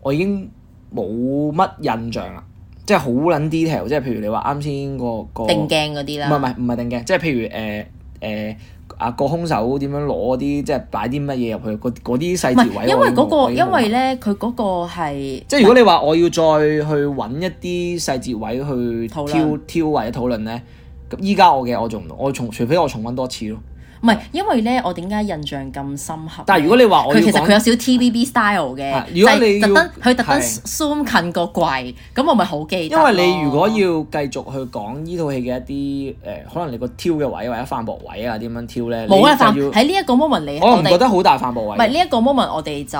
我已經冇乜印象啦，即係好撚 detail，即係譬如你話啱先個、嗰個定鏡嗰啲啦，唔係唔係唔係定鏡，即係譬如誒誒。呃呃啊，個兇手點樣攞啲即係擺啲乜嘢入去？嗰啲細節位，因為嗰、嗰個、因為咧佢嗰個係即係是但 如果你話我要再去揾一啲細節位去挑挑位討論咧，咁依家我嘅我仲我重，除非我重溫多次咯。唔係，因為咧，我點解印象咁深刻？但係如果你話我，佢其實佢有少少 TVB style 嘅，如果你特登佢特登 zoom 近個櫃，咁我咪好記。因為你如果要繼續去講呢套戲嘅一啲誒、呃，可能你個挑嘅位或者反駁位啊，點樣挑咧？冇乜反駁喺呢一個 moment，你可能覺得好大反駁位。唔係呢一個 moment，我哋就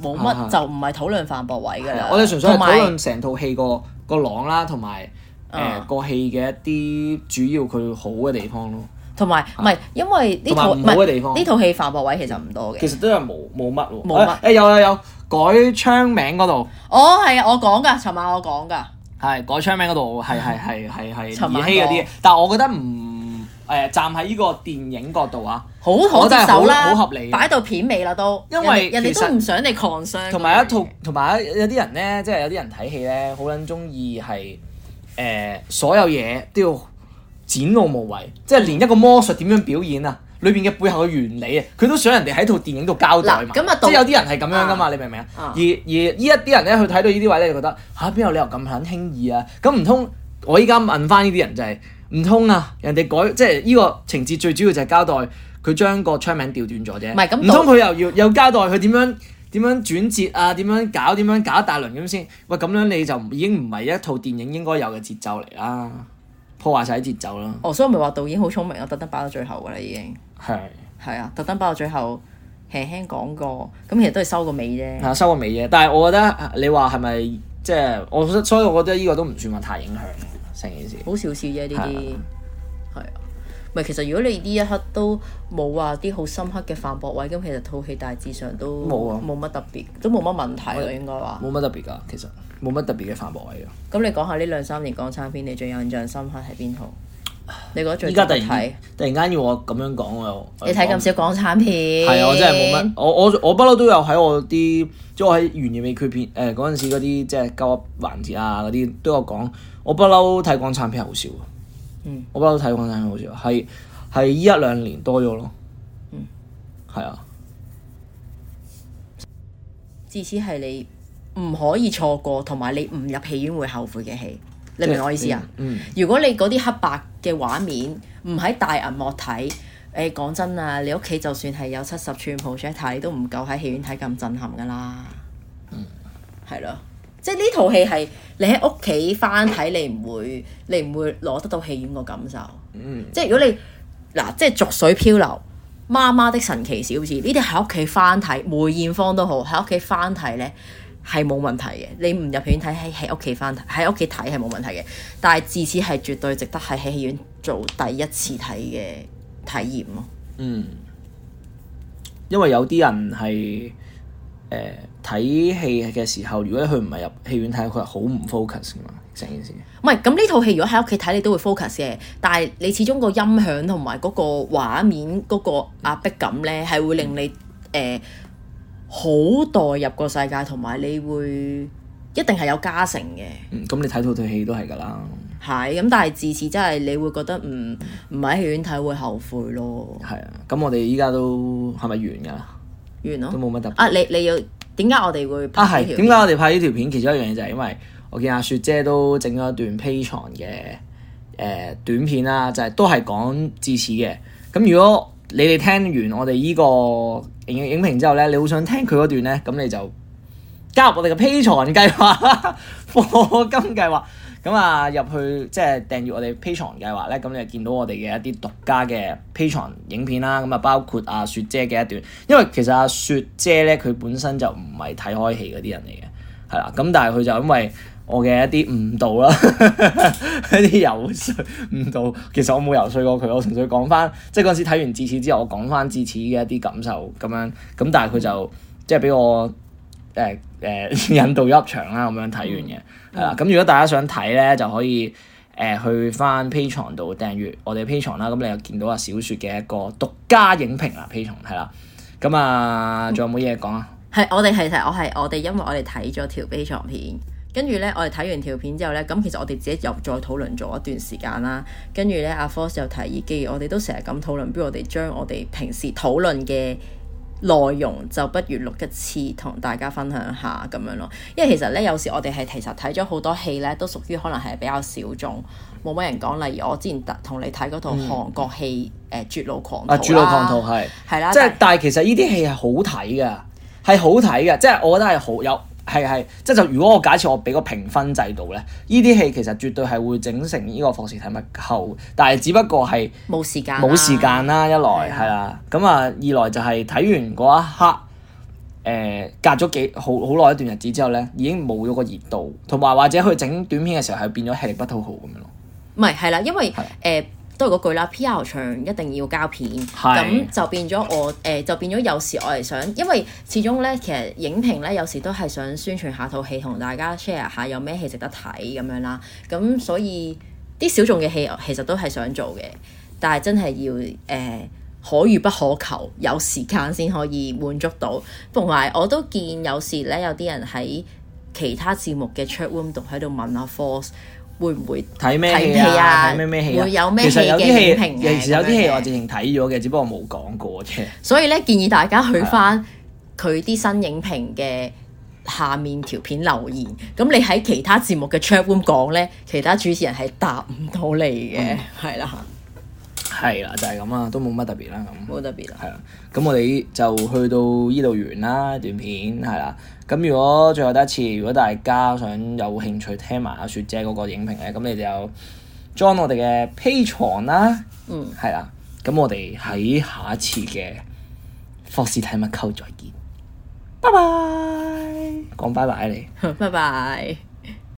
冇乜，就唔係討論反駁位㗎啦。我哋純粹係討論成套戲個個朗啦，同埋誒個戲嘅一啲主要佢好嘅地方咯。同埋唔係，因為呢套唔係呢套戲犯駁位其實唔多嘅。其實都係冇冇乜喎。冇乜誒有有有改槍名嗰度。哦係啊，我講㗎，尋晚我講㗎。係改槍名嗰度係係係係係。陳妍希啲。但係我覺得唔誒站喺呢個電影角度啊，好妥手啦，好合理，擺到片尾啦都。因為人哋都唔想你狂傷。同埋一套，同埋有啲人咧，即係有啲人睇戲咧，好撚中意係誒所有嘢都要。展露無遺，即係連一個魔術點樣表演啊，裏邊嘅背後嘅原理啊，佢都想人哋喺套電影度交代嘛。即係有啲人係咁樣噶嘛，啊、你明唔明啊？而而依一啲人咧，去睇到呢啲位咧，就覺得吓，邊、啊、有理由咁肯輕易啊？咁唔通我依家問翻呢啲人就係唔通啊？人哋改即係呢個情節最主要就係交代佢將個槍名調轉咗啫。唔通佢又要有、啊、交代佢點樣點、啊、樣轉折啊？點樣搞？點樣，樣搞一大輪咁先？喂，咁樣你就已經唔係一套電影應該有嘅節奏嚟啦、啊。破壞曬節奏啦！哦，所以咪話導演好聰明咯，特登擺到最後噶啦，已經係係啊，特登擺到最後，輕輕講過，咁其實都係收個尾啫。係收個尾啫。但係我覺得你話係咪即係我，所以我覺得呢個都唔算話太影響成件事。好少少啫，呢啲係啊。唔係其實如果你呢一刻都冇話啲好深刻嘅反駁位，咁其實套戲大致上都冇啊，冇乜特別，啊、都冇乜問題咯，應該話冇乜特別噶，其實。冇乜特別嘅範博位咯。咁、嗯、你講下呢兩三年港產片，你最印象深刻係邊套？你覺得最依家突然，突然間要我咁樣講喎。你睇咁少港產片？係啊、嗯，我真係冇乜。我我我不嬲都有喺我啲，即係我喺《懸疑美缺片》誒嗰陣時嗰啲，即係交流環節啊嗰啲都有講。我不嬲睇港產片好少。嗯，我不嬲睇港產片好少，係係依一兩年多咗咯。嗯，係啊。自此係你。唔可以錯過，同埋你唔入戲院會後悔嘅戲。你明我意思啊？嗯。如果你嗰啲黑白嘅畫面唔喺大銀幕睇，誒、欸、講真啊，你屋企就算係有七十寸 projector 睇都唔夠喺戲院睇咁震撼噶啦。嗯。係咯，即係呢套戲係你喺屋企翻睇，你唔會你唔會攞得到戲院個感受。嗯。即係如果你嗱，即係《濁水漂流》、《媽媽的神奇小子》呢啲喺屋企翻睇，梅艷芳都好喺屋企翻睇咧。係冇問題嘅，你唔入戲院睇喺喺屋企翻喺屋企睇係冇問題嘅，但係智齒係絕對值得係喺戲院做第一次睇嘅體驗咯。嗯，因為有啲人係誒睇戲嘅時候，如果佢唔係入戲院睇，佢係好唔 focus 噶嘛，成件事。唔係咁呢套戲，如果喺屋企睇你都會 focus 嘅，但係你始終個音響同埋嗰個畫面嗰個壓迫感咧，係會令你誒。嗯呃好代入個世界，同埋你會一定係有加成嘅。嗯，咁你睇套套戲都係噶啦。係咁，但係智齒真係你會覺得唔唔喺戲院睇會後悔咯。係啊，咁我哋依家都係咪完噶啦？完咯了，都冇乜特別啊！你你要點解我哋會啊？係點解我哋拍呢條片？啊、條片其中一樣嘢就係因為我見阿雪姐都整咗一段 Patreon 嘅誒短片啦，就係、是、都係講智齒嘅。咁如果你哋聽完我哋依、這個。影影評之後咧，你好想聽佢嗰段咧，咁你就加入我哋嘅 Patreon 計劃啦， 課金計劃。咁啊，入去即係訂閱我哋 Patreon 計劃咧，咁你就見到我哋嘅一啲獨家嘅 Patreon 影片啦。咁啊，包括阿、啊、雪姐嘅一段，因為其實阿、啊、雪姐咧，佢本身就唔係睇開戲嗰啲人嚟嘅，係啦。咁但係佢就因為。我嘅一啲誤導啦，一啲遊說誤導。其實我冇遊說過佢，我純粹講翻，即係嗰陣時睇完《智齒》之後，我講翻《智齒》嘅一啲感受咁樣。咁但係佢就即係俾我誒、欸、誒、欸、引導入場啦，咁樣睇完嘅。係啦，咁如果大家想睇咧，就可以誒、欸、去翻 Patreon 度訂閲我哋 Patreon 啦、啊。咁你又見到啊小雪嘅一個獨家影評啦啊 Patreon 係啦。咁啊，仲有冇嘢講啊？係我哋其實我係我哋，因為我哋睇咗條 Patreon 片。跟住咧，我哋睇完條片之後咧，咁其實我哋自己又再討論咗一段時間啦。跟住咧，阿 Force 又提議，既然我哋都成日咁討論，不如我哋將我哋平時討論嘅內容，就不如錄一次，同大家分享下咁樣咯。因為其實咧，有時我哋係其實睇咗好多戲咧，都屬於可能係比較小眾，冇乜人講。例如我之前同你睇嗰套韓國戲《誒絕路狂徒》啦，呃《絕路狂徒》係係、啊、啦，即係的但係是其實呢啲戲係好睇噶，係好睇噶，即、就、係、是、我覺得係好有。有係係，即係就如果我假設我俾個評分制度咧，呢啲戲其實絕對係會整成呢個《殭屍體物》後，但係只不過係冇時間，冇時間啦。一來係啦，咁啊的二來就係睇完嗰一刻，誒、呃、隔咗幾好好耐一段日子之後咧，已經冇咗個熱度，同埋或者佢整短片嘅時候係變咗吃力不討好咁樣咯。唔係係啦，因為誒。的都係嗰句啦，PR 場一定要膠片，咁是就變咗我誒、呃，就變咗有時我係想，因為始終咧，其實影評咧有時都係想宣傳下套戲，同大家 share 下有咩戲值得睇咁樣啦。咁所以啲小眾嘅戲其實都係想做嘅，但係真係要誒、呃、可遇不可求，有時間先可以滿足到。同埋我都見有時咧，有啲人喺其他節目嘅 chat room 度喺度問下、啊、force。會唔會睇咩戲啊？睇咩咩戲？會有咩、啊、其實有啲戲，有時有啲戲我直情睇咗嘅，只不過冇講過啫。所以咧，建議大家去翻佢啲新影評嘅下面條片留言。咁的你喺其他節目嘅 chat room 咁講咧，其他主持人係答唔到你嘅，係啦、嗯。係啦的，就係咁啊，都冇乜特別啦，咁冇特別啦。係啦，咁我哋就去到呢度完啦，段片係啦。咁如果最後得一次，如果大家想有興趣聽埋阿雪姐嗰個影評咧，咁你就 join 我哋嘅 Patreon 啦。嗯，係啦。咁我哋喺下一次嘅410睇乜 Cult 再見，拜拜，講拜拜你，拜拜。